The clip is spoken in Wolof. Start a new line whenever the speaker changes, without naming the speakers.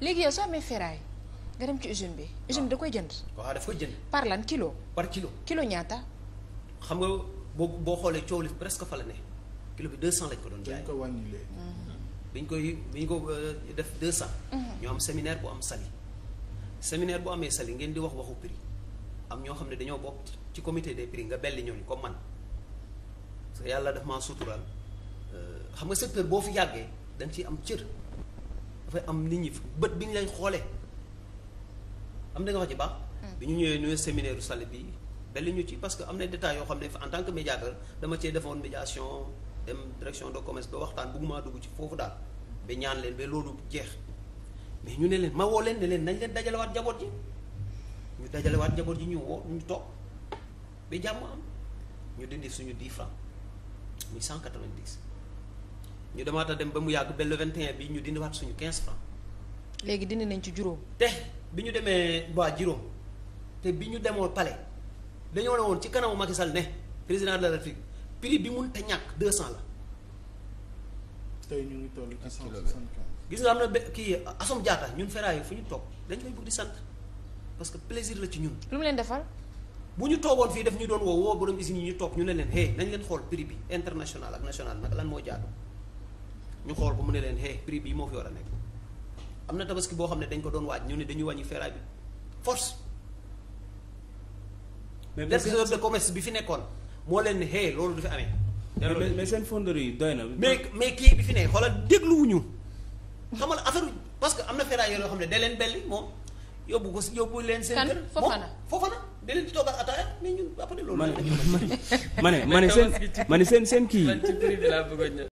léegi yow soo amee ferraille nga dem ci usine bi. usine bi da koy jënd. waaw daf koy jënd. par lan kilo. par kilo kilo ñaata. xam nga boo boo xoolee coow li presque fa la ne kilo bi 200 lañ ko doon jaay. dañ ko wàññi léegi. Mm-hmm. biñ koy biñ ko euh, def 200. Mm-hmm. ñoo am séminaire bu am sali. séminaire bu amee sali ngeen di wax waxu prix am ñoo xam ne dañoo bokk ci comité des prix nga belli ñooñu ko man parce que yàlla daf maa suturaal euh, xam nga secteur boo fi yàggee dañ ciy am cër. dafay am nit ñi bët bi ñu lay xoolee am da nga wax ci baax hmm. bi ñu ñëwee nuyu séminaire Sall bi belli ñu ci parce que am na détails yoo xam ne en tant que médiateur dama cee defoon médiation dem direction de commerce ba waxtaan bëgguma dugg ci foofu daal ba ñaan leen ba loolu jeex mais ñu ne leen ma woo leen ne leen nañ leen dajalewaat njaboot ji ñu dajalewaat njaboot ji ñu woo ñu toog ba jàmm am ñu dindi suñu 10 francs muy 190 ñu demaata dem ba mu yàgg ba le 21 bi ñu dindiwaat suñu 15 francs léegi dindi nañ ci juróom. te bi ñu demee ba juróom te bi ñu demoo palais dañoo ne woon ci kanamu Macky Sall ne président de bi mun te ñàkk 200 la. tey ñu ngi toll ci 175. gis nga am na be kii Assome Diatta ñun feraayu ñu toog dañ koy bëgg di sant parce que plaisir la ci ñun. lu mu leen defal. fii daf ñu doon woo woo ñu ñu ne leen hey leen xool prix bi international ak national nag lan moo jaadu. ñu xool ko mu ne leen hey prix bii moo fi war a nekk am na tabaski boo xam ne dañ ko doon waaj ñu ne dañuy wàññi ferraille bi force. mais directeur bi fi nekkoon moo leen ne hey loolu du fi amee. mais mais seen fonderie yi doy na. mais mais kii bi fi ne xoolal dégluwuñu. que am na ferraille yoo xam ne da leen belli moom ko si yóbbu leen seen kër moom Fofana da leen di toogal ataaya mais ñun après loolu. ma ne ma ne seen ma ne seen seen kii.